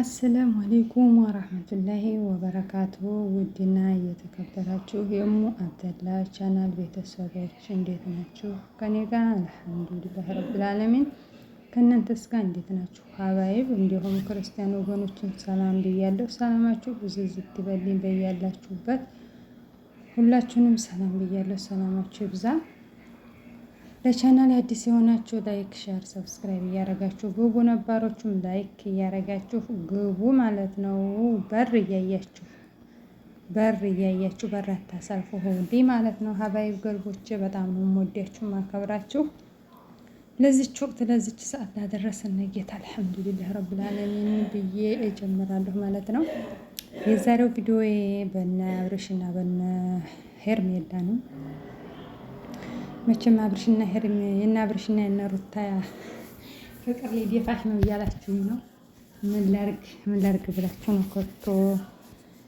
አሰላሙ አሌይኩም ወረህመቱላሂ ወበረካቱ። ውድና እየተከበራችሁ የሙ አብደላ ቻናል ቤተሰቦች እንዴት ናችሁ? ከኔ ጋር አልሐምዱሊላህ ረብልዓለሚን። ከእናንተስ ጋር እንዴት ናችሁ? ሀባይብ እንዲሁም ክርስቲያን ወገኖችን ሰላም ብያለሁ። ሰላማችሁ ብዙ ዝትበልኝ በያላችሁበት ሁላችሁንም ሰላም ብያለሁ። ሰላማችሁ ይብዛል። ለቻናል አዲስ የሆናችሁ ላይክ፣ ሸር፣ ሰብስክራይብ እያረጋችሁ ግቡ። ነባሮችም ላይክ እያረጋችሁ ግቡ ማለት ነው። በር እያያችሁ በር እያያችሁ በር አታሳልፉ ሁሌ ማለት ነው። ሀባይ ገልቦች በጣም ነው የምወዳችሁ ማከብራችሁ። ለዚች ወቅት ለዚች ሰዓት ላደረሰን ጌታ አልሐምዱሊላህ ረብልዓለሚን ብዬ እጀምራለሁ ማለት ነው። የዛሬው ቪዲዮ በነ አብርሽ እና በነ ሄርሜላ ነው። መቼም አብርሽና ሄርም የና አብርሽና የና ሩታ ፍቅር ላይ ነው እያላችሁ ነው። ምን ላርግ ምን ላርግ ብላችሁ ነው ከቶ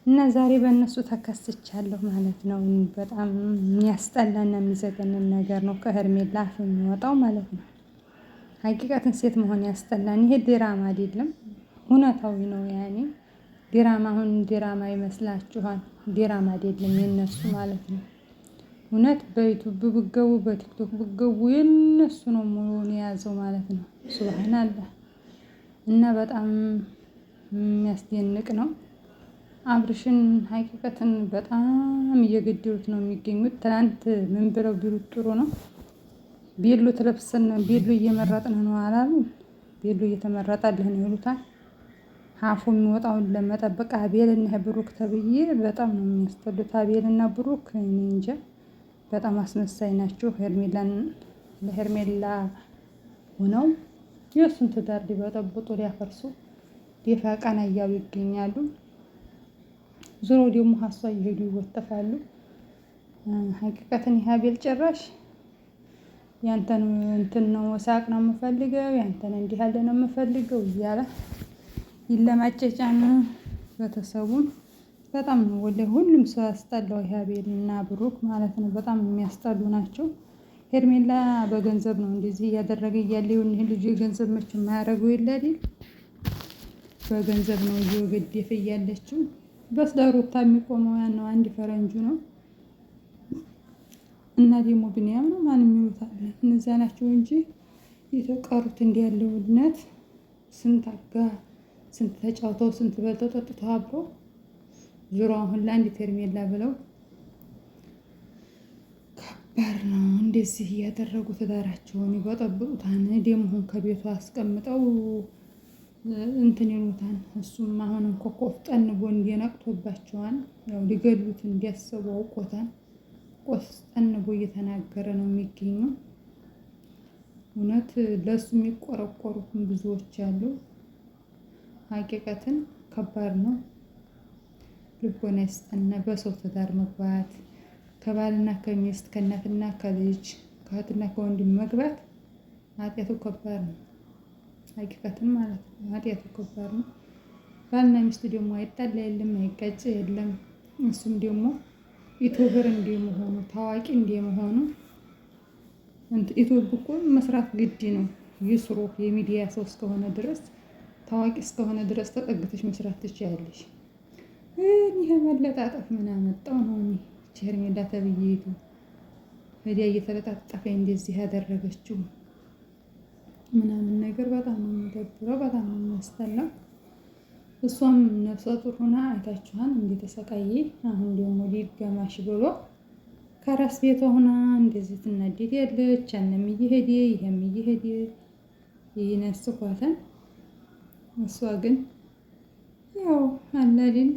እና ዛሬ በእነሱ ተከስቻለሁ ማለት ነው። በጣም የሚያስጠላና የሚዘገንን ነገር ነው ከሄርሜላ አፍ የሚወጣው ማለት ነው። ሀቂቃትን ሴት መሆን ያስጠላን። ይሄ ድራማ አይደለም እውነታዊ ነው። ያኔ ድራማ አሁን ድራማ ይመስላችኋል። ድራማ አይደለም የነሱ ማለት ነው። እውነት በዩቱብ ብገቡ በቲክቶክ ብገቡ የነሱ ነው ሙሉውን የያዘው ማለት ነው። ሱብሃን አላህ እና በጣም የሚያስደንቅ ነው። አብርሽን ሀቂቀትን በጣም እየገደሉት ነው የሚገኙት። ትናንት ምን ብለው ቢሉት ጥሩ ነው። ቤሎ ትለብሰን ቤሎ እየመረጥን ነው አላሉ። ቤሎ እየተመረጠልህ ነው ይሉታል። አፉ የሚወጣውን ለመጠበቅ አቤልና ብሩክ ተብዬ በጣም ነው የሚያስጠሉት። አቤልና ብሩክ እኔ እንጃ በጣም አስመሳይ ናችሁ። ሄርሜላን ለሄርሜላ ሆነው የእሱን ትዳር ሊበጠብጡ ሊያፈርሱ ደፋ ቀና እያሉ ይገኛሉ። ዞሮ ደግሞ ሀሷ እየሄዱ ይወጠፋሉ። ሀቂቀትን የሀቤል ጭራሽ ያንተን እንትን ነው ወሳቅ ነው የምፈልገው ያንተን እንዲህ ያለ ነው የምፈልገው እያለ ይለማጨጫን ቤተሰቡን በጣም ነው ወደ ሁሉም ሰው ያስጠላው ይሄ እና ብሩክ ማለት ነው። በጣም የሚያስጠሉ ናቸው። ሄርሜላ በገንዘብ ነው እንደዚህ እያደረገ እያለ ይሁን ይህ ልጅ የገንዘብ መች የማያደርገው የለሌል በገንዘብ ነው እየገደፈ እያለችው በስለ ሩታ የሚቆመው ነው አንድ ፈረንጁ ነው እና ደግሞ ብንያም ነው ማንም ይሉታል። እነዚያ ናቸው እንጂ የተቀሩት እንዲ ያለው ውድነት ስንት አጋ ስንት ተጫውተው ስንት በልተው ጠጥተው አብረው ዙሮ አሁን ለአንድ ፌርሜላ ብለው ከባድ ነው። እንደዚህ እያደረጉ ትዳራቸውን ይበጠብጡታን፣ ደሞሁን ከቤቱ አስቀምጠው እንትን ይሉታን። እሱም አሁን ኮኮፍ ቆፍጠን ቦንድ ነቅቶባቸዋል። ያው ሊገሉት እንዲያሰቡ አውቆታን። ቆፍጠን ቦ እየተናገረ ነው የሚገኙ። እውነት ለእሱ የሚቆረቆሩትን ብዙዎች አሉ። ሀቂቀትን ከባድ ነው። ልቦና ይስጠን። በሰው ትዳር መግባት ከባልና ከሚስት ከእናትና ከልጅ ከእህትና ከወንድም መግባት ኃጢአቱ ከባድ ነው። ሀቂቀትን ማለት ነው። ኃጢአቱ ከባድ ነው። ባልና ሚስት ደግሞ አይጣላ የለም አይጋጭ የለም። እሱም ደግሞ ዩቱበር እንደመሆኑ ታዋቂ እንደመሆኑ ዩቱብ እኮ መስራት ግድ ነው። ይስሩ የሚዲያ ሰው እስከሆነ ድረስ ታዋቂ እስከሆነ ድረስ ተጠግተሽ መስራት ትችያለሽ። ይህ መለጣጠፍ ምን አመጣው ነው? ሄርሜላ ተብዬቱ ወዲያ እየተለጣጠፈ እንደዚህ ያደረገችው ምናምን ነገር በጣም ነው የሚደብረው፣ በጣም ነው የሚያስጠላው። እሷም ነፍሰ ጡር ሆና አይታችኋን እንደተሰቃየ አሁን ደግሞ ሊገማሽ ብሎ ከራስ ቤቷ ሆና እንደዚህ ትናደድ ያለች ያንም እየሄደ ይህም እየሄደ ይነስኳትን። እሷ ግን ያው አላሌለ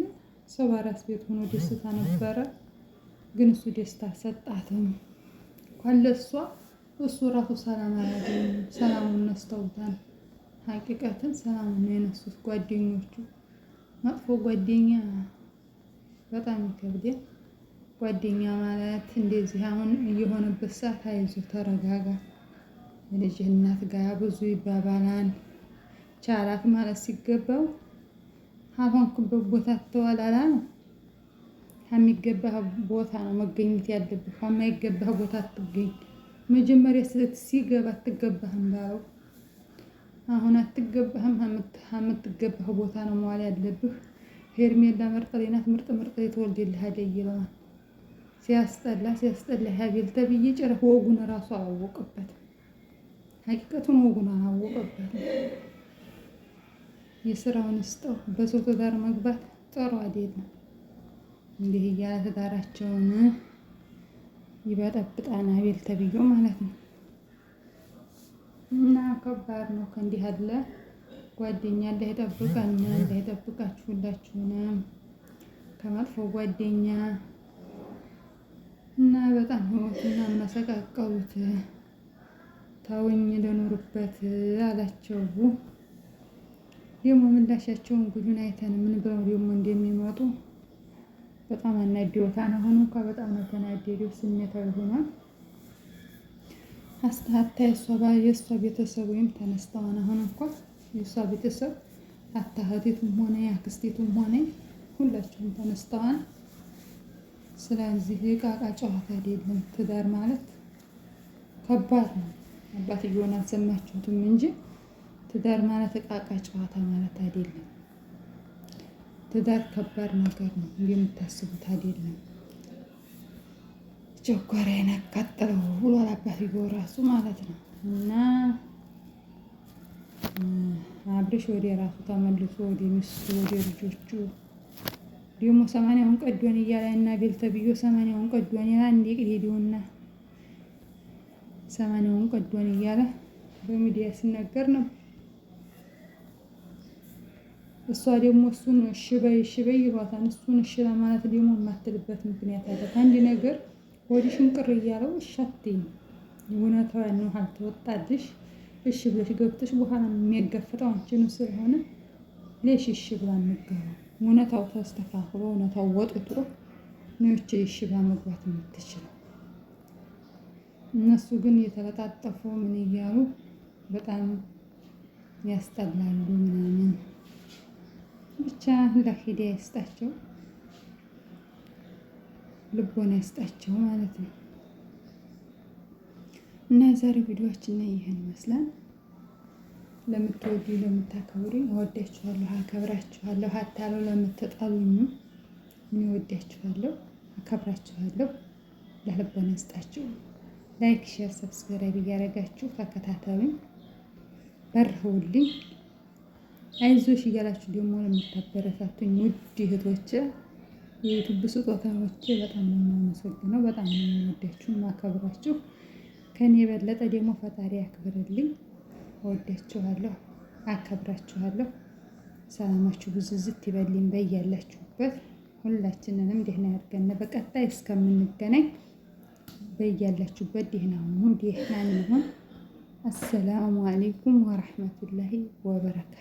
ሰው በአራስ ቤት ሆኖ ደስታ ነበረ። ግን እሱ ደስታ ሰጣትም እንኳን ለእሷ እሱ ራሱ ሰላም አላገኝ ሰላሙን ነስተውታል። ሀቂቀትን ሰላሙን ነው የነሱት ጓደኞቹ። መጥፎ ጓደኛ በጣም ይከብዳል። ጓደኛ ማለት እንደዚህ አሁን እየሆነበት ሰዓት አይዞ ተረጋጋ፣ የልጅ እናት ጋር ብዙ ይባባላል። ቻላት ማለት ሲገባው አልሆንክበት ቦታ ተዋላላ ነው። ከሚገባህ ቦታ ነው መገኘት ያለብህ። ከማይገባህ ቦታ አትገኝ። መጀመሪያ ስህተት ሲገባ አትገባህም ባለው አሁን አትገባህም። ከምትገባህ ቦታ ነው መዋል ያለብህ። ሄርሜላ ምርጥ ናት። ምርጥ ምርጥ የተወልድልሃል ይለዋል። ሲያስጠላ ሲያስጠላ ሀቤል ተብዬ ጭራሽ ወጉን እራሱ አላወቀበትም። ሀቂቀቱን ወጉን አላወቀበትም። የስራውን ስጠው። በሰው ትዳር መግባት ጥሩ አይደለም። እንዲህ እያለ ትዳራቸውን ይበጠብጣል አቤል ተብዬው ማለት ነው። እና ከባድ ነው። ከእንዲህ አለ ጓደኛ አላህ ይጠብቀን፣ አላህ ይጠብቃችሁ ሁላችሁንም ከመጥፎ ጓደኛ እና በጣም ህይወትና እናሰቃቀሉት ታውኝ ልኑርበት አላቸው። ደግሞ ምላሻቸውን ጉዱን አይተን ምን ብለው ደግሞ እንደሚመጡ በጣም ነው። አሁን እንኳ በጣም ነው ተናደደው፣ ስሜታዊ ሆኗል። አስተሀታ የእሷ ቤተሰብ ወይም ተነስተዋን። አሁን እንኳ የእሷ ቤተሰብ አታህቴቱም ሆነ አክስቴቱም ሆነ ሁላቸውም ተነስተዋን። ስለዚህ የቃቃ ጨዋታ አይደለም። ትዳር ማለት ከባድ ነው። አባትየውን አልሰማችሁትም እንጂ ትዳር ማለት እቃቃ ጨዋታ ማለት አይደለም። ትዳር ከባድ ነገር ነው፣ እንደምታስቡት አይደለም። ጨጓራዬን አቃጠለው ብሏል አባትዬው ራሱ ማለት ነው። እና አብርሽ ወደ ራሱ ተመልሶ ወደ ሚስቱ ወደ ልጆቹ ደግሞ ሰማንያውን ቀዶን እያለ እና ቤል ተብዮ ሰማንያውን ቀዶን ይላል። እንደ ቅድ ሰማንያውን ቀዶን እያለ በሚዲያ ሲናገር ነበር። እሷ ደግሞ እሱን እሺ በይ እሺ በይ ይሏታል። እሱን እሺ ለማለት ደግሞ የማትልበት ምክንያት አለ። አንድ ነገር ወዲሽን ቅር እያለው እሺ አትይም። እውነታው ያን ነው። አልተወጣልሽ እሺ ብለሽ ገብተሽ በኋላ የሚያጋፍጠው አንቺን ስለሆነ ሌሽ እሺ ብላ የምትገባ እውነታው ተስተካክሎ እውነታው ወጥቶ ነች እሺ ብላ መግባት የምትችለው። እነሱ ግን የተለጣጠፉ ምን እያሉ በጣም ያስጠላሉ ምናምን አላህ ሂዳያ ይስጣቸው፣ ልቦና ይስጣቸው ማለት ነው። እና የዛሬ ቪዲዮችን ይህን ይመስላል። ለምትወዱ ለምታከብሩ እወዳችኋለሁ፣ አከብራችኋለሁ። ሀታሉ ለምትጠሉኝ እወዳችኋለሁ፣ አከብራችኋለሁ። ለልቦን ይስጣችሁ። ላይክ፣ ሼር፣ ሰብስክራይብ እያደረጋችሁ ተከታተሉኝ፣ በርህውልኝ። አይዞሽ እያላችሁ ደግሞ ለምታበረታቱኝ ውድ እህቶቼ፣ የዩቱብ ስጦታዎቼ በጣም ነው የማመሰግነው። በጣም ነው የምወዳችሁ የማከብራችሁ። ከኔ የበለጠ ደግሞ ፈጣሪ አክብርልኝ። ወዳችኋለሁ፣ አከብራችኋለሁ። ሰላማችሁ ብዝዝት ይበልኝ በያላችሁበት። ሁላችንንም ደህና ያድርገን። በቀጣይ እስከምንገናኝ በያላችሁበት ደህና ሁኑ፣ ደህና እንሁን። አሰላሙ አሌይኩም ወረሕመቱላሂ ወበረካቱ።